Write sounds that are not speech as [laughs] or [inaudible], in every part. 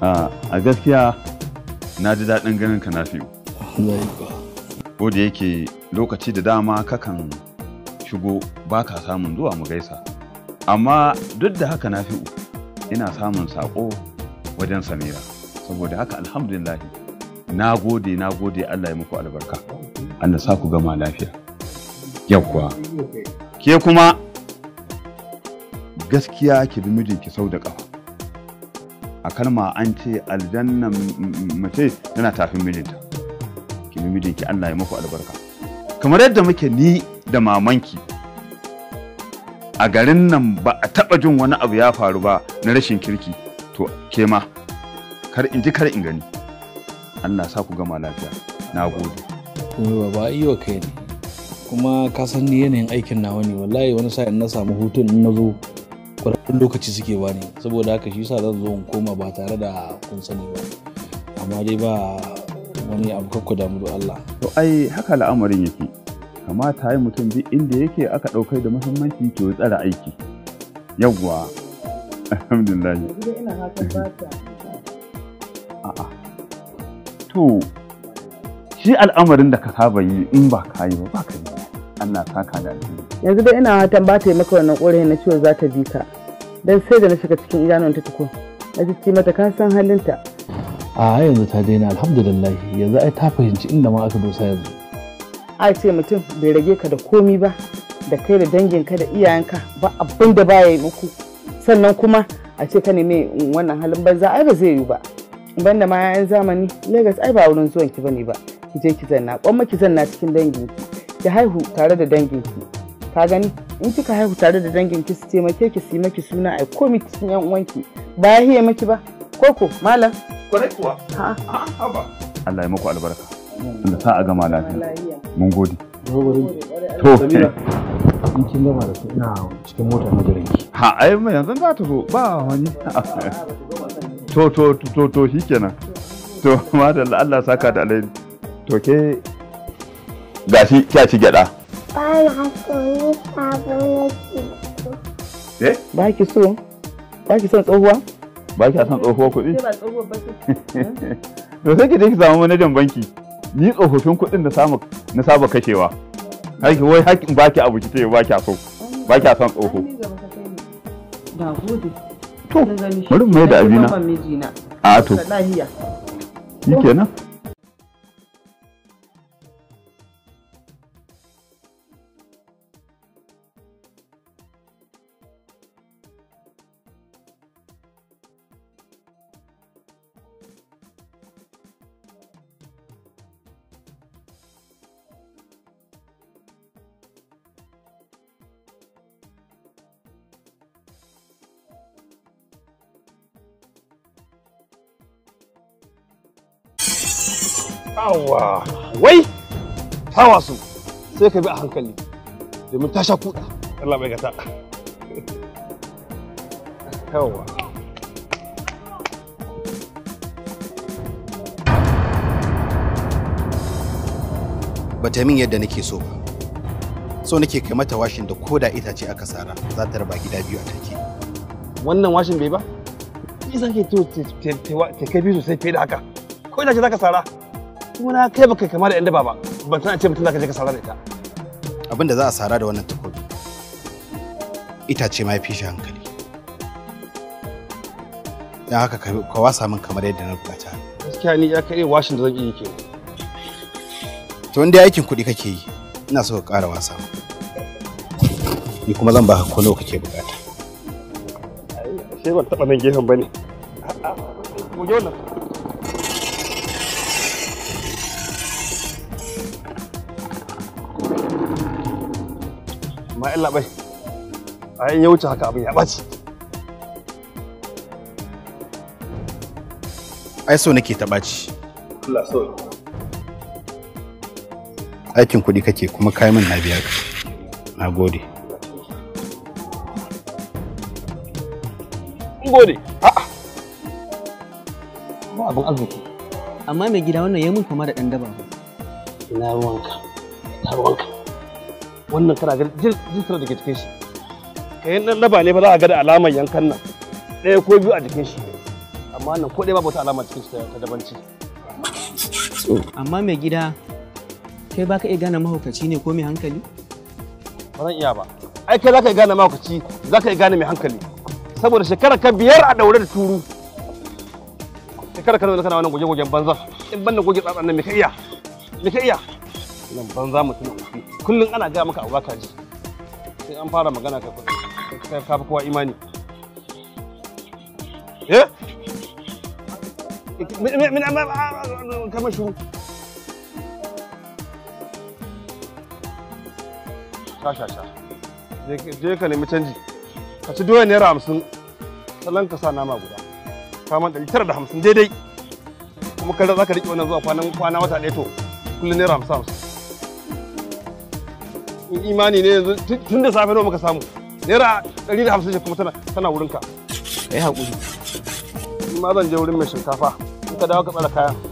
a gaskiya na ji daɗin ganin ka nafi'u ko da yake lokaci da dama kakan shigo ba ka samun zuwa mu gaisa amma duk da haka nafi'u ina samun saƙo wajen samira saboda haka alhamdulillah na gode na gode allah ya muku albarka allah sa ku gama lafiya yawwa ke kuma gaskiya ki bi mijinki sau da ƙafa a kalma an ce aljanna mace tana tafin mijinta ki bi mijinki Allah ya muku albarka kamar yadda muke ni da mamanki a garin nan ba a taba jin wani abu ya faru ba na rashin kirki to ke ma kar in ji kar in gani Allah sa ku gama lafiya na gode ba iyo kai ne kuma ka san ni yanayin aikin nawa ne wallahi wani sa'in na samu hutun na zo ƙwararrun lokaci suke ba ne saboda haka shi sa zan zo in koma ba tare da kun sani ba amma dai ba wani abu kakku damu da Allah. To ai haka al'amarin yake kamata yi mutum duk inda yake aka ɗaukar da muhimmanci ke ya tsara aiki. Yawwa alhamdulillah. A'a to shi al'amarin da ka saba yi in ba ka yi ba ka yi. Allah saka da Yanzu dai ina tambata maka wannan ƙorafi na ciwo za ta bi ka. don sai da na shiga cikin idanun ta tuko na ji mata ka san halinta a yanzu ta daina alhamdulillah yanzu ai ta fahimci inda ma aka dosa yanzu ai ce mutum bai rage ka da komi ba da kai da danginka da iyayenka ba abin da baya yi muku sannan kuma a ce ka neme wannan halin banza ai ba zai yi ba banda ma yayan zamani lagos ai ba wurin zuwan ki bane ba ki je ki zanna kwamma ki zanna cikin danginki ki haihu tare da danginki ka gani in kika haihu tare da dangin ki su taimake ki su yi maki suna ai ko miki sun yan uwanki ba ya hiye miki ba koko malam kwarai kuwa ha ha Allah ya muku albarka Allah sa a gama lafiya mun gode to in kin gama da su ina cikin mota na jiran ki ha ai mai yanzu za ta zo ba wani [laughs] to to to to shikenan to [laughs] madalla Allah saka da alheri to ke gashi kya ci gyada Ba na so sabon sabo nake eh? Ba ki so? Ba ki son tsohuwa? Ba ki son tsohuwa kuɗi? Ba tsohuwa [laughs] ba To sai ki je ki samu manajan banki. Ni tsofaffin kuɗin da samu na saba kashewa. Haki wai hakin ba ki abu ki ce ba ki so. Ba ki son tsoho. Da gode. To, bari mu mai da abina. A to. Shi kenan. Awa, wai, ta su sai ka bi a hankali domin ta sha kuɗa. Allah bai gata. Yawa. Ba ta min yadda nake so ba. So nake kai mata washin da koda itace aka sara za ta raba gida biyu a take. Wannan washin bai ba? Ni zan ke to ta kai biyu sosai fiye da haka. Ko ce za ka sara? kuma na kai baka kama da yan daba ba ban san a ce mutum zaka je ka sara da ita abinda za a sara da wannan takobi itace ce mai fishi hankali dan haka ka wasa min kamar yadda na bukata gaskiya ni ya kai washin da zan iya ke to inda aikin kuɗi kake yi ina so ka ƙara wasa ni kuma zan baka ka nawa kake bukata sai ban taɓa nan gefen bane wannan amma yan bai a yan ya wuce haka abin ya ɓaci ai so nake ta ɓaci Allah so aikin kuɗi kake kuma kai min na biya na gode gode a'a ah! ba abin arziki amma mai gida wannan ya mun kama da ɗan daba ina ruwanka ina ruwanka wannan kana ganin jinsirar da ke cikin shi kayan nan laba ne ba za a ga da alamar yankan nan ɗaya ko biyu a jikin shi amma nan ko ɗaya babu wata alama cikin shi ta dabanci amma mai gida kai ba ka iya gane mahaukaci ne ko mai hankali ba zan iya ba ai kai za ka iya gane mahaukaci za ka iya gane mai hankali saboda shekara ka biyar a ɗaure da turu shekara ka kana wannan goge-gogen banza in ban da goge tsatsan nan me ka iya me ka iya nan banza mutum a kullum ana gaya maka abubakar ji sai an fara magana ka kai kafa kowa imani eh min amma shuru sha sha sha je ka nemi canji ka ci doya naira hamsin salon ka sa nama guda ka ɗari tara da hamsin daidai kuma kar za ka riƙe wannan zuwa kwana wata ɗaya to kullum naira hamsin hamsin in imani ne yanzu tun da safe nawa muka samu naira ɗari da hamsin kuma tana tana wurinka. ai haƙuri. Ma zan je wurin mai shinkafa. Ka dawo ka tsara kayan.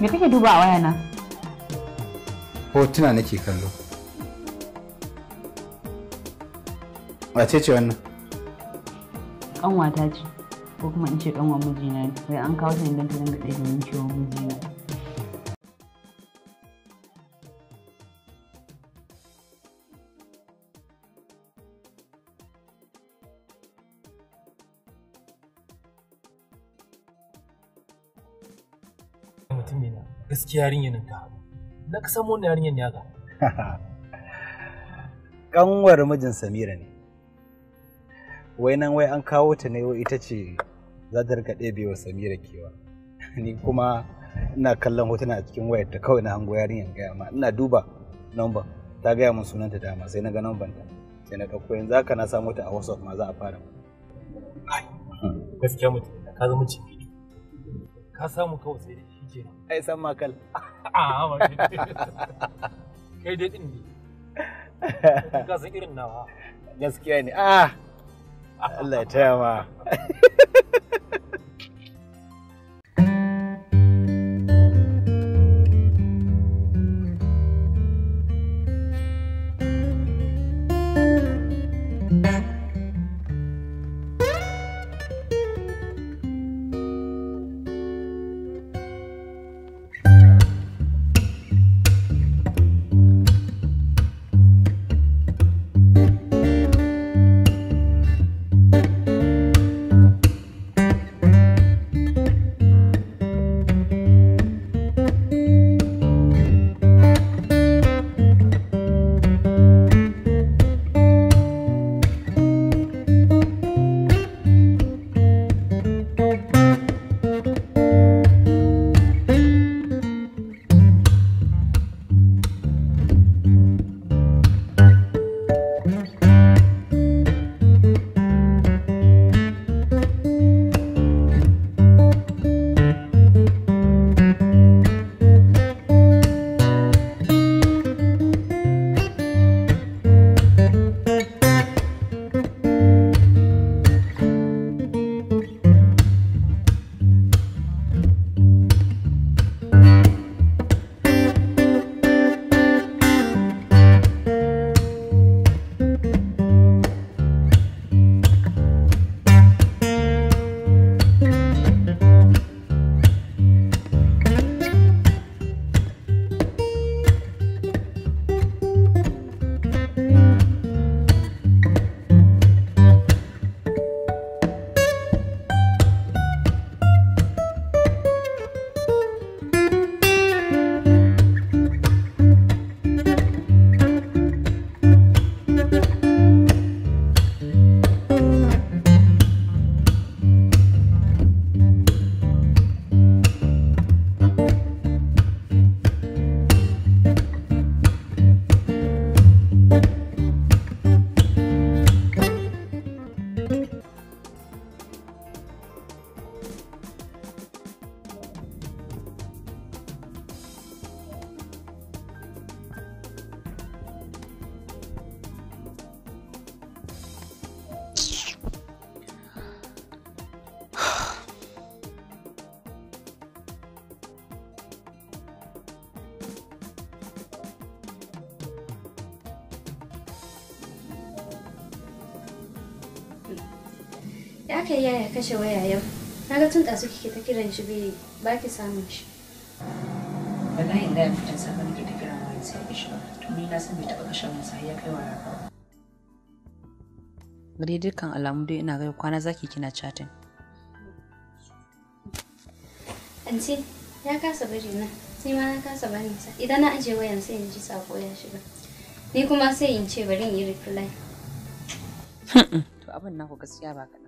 Me kake duba a wayana? Hotuna nake kallo. Wace ce wannan? Kanwata ce, ko kuma in ce kanwa mijina ne, sai an kawo ta idan ta dinga ɗaya domin mijina. tume na gaskiya yarinyar nan ta na ka samu wannan yarinyar ne ga kanwar [laughs] mijin samira ne wai nan wai an kawo ta ne wai ita ce za ta rika ɗebe wa samira kewa [laughs] ni kuma ina kallon hotuna a cikin wayar ta kawai na hango yarinyar gaya ma ina duba number ta gaya min sunan ta dama sai na ga number ta sai na ɗauko yanzu haka na samu ta a whatsapp ma za a fara gaskiya mutum ka zama ciki ka samu kawai sai dai kenan ai san makal a ba kai dai din ne ka san irin nawa gaskiya ne ah Allah ya taya ma [laughs] aka yi yaya kashe waya yau. Na ga tun ɗazu kike ta kiran shi bai ba ki samun shi. Wallahi da ya fitan saba ke ta kiran waya sai ya shi ba. To ni na san bai taɓa kashe wani sai ya kai wa rafa. Gari dukkan alamu dai ina gaya kwana zaki kina chatting. Anti, ya kasa bari na. Sai ma na kasa bari sa. Idan na ajiye wayan sai in ji sako ya shiga. Ni kuma sai in ce bari in yi reply. [laughs] To abin naku gaskiya ba kaɗan.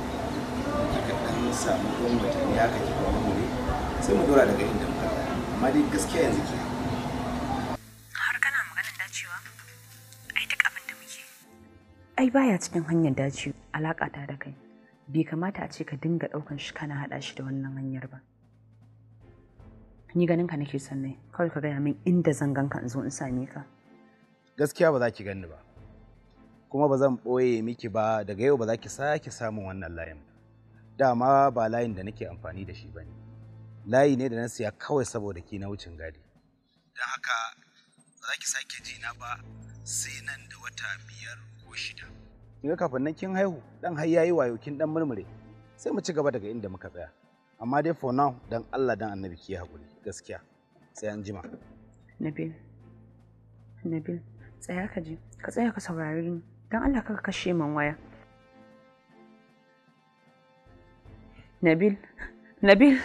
kika dan samu ɗan watanni haka kika mure sai mu dora daga inda muka tsaya amma dai gaskiya yanzu ke har kana maganar dacewa ai duk abin da muke ai baya cikin hanyar dace alaka ta da kai bai kamata a ce ka dinga ɗaukan shi kana haɗa shi da wannan hanyar ba ni ganin ka nake son kawai ka gaya min inda zan ganka in zo in same ka gaskiya ba za ki ganni ba kuma ba zan ɓoye miki ba daga yau ba za ki sake samun wannan layin ba dama ba layin da nake amfani da shi ba ne layi ne da na siya kawai saboda ki na wucin gadi don haka ba za ki sake ji na ba sai nan da wata biyar ko shida kin ga kafin nan kin haihu dan har yayi wayo kin dan murmure sai mu ci gaba daga inda muka tsaya amma dai for now dan Allah dan annabi ki hakuri gaskiya sai an jima Nabil Nabil tsaya ka je ka tsaya ka saurare ni dan Allah ka kashe man waya نبيل نبيل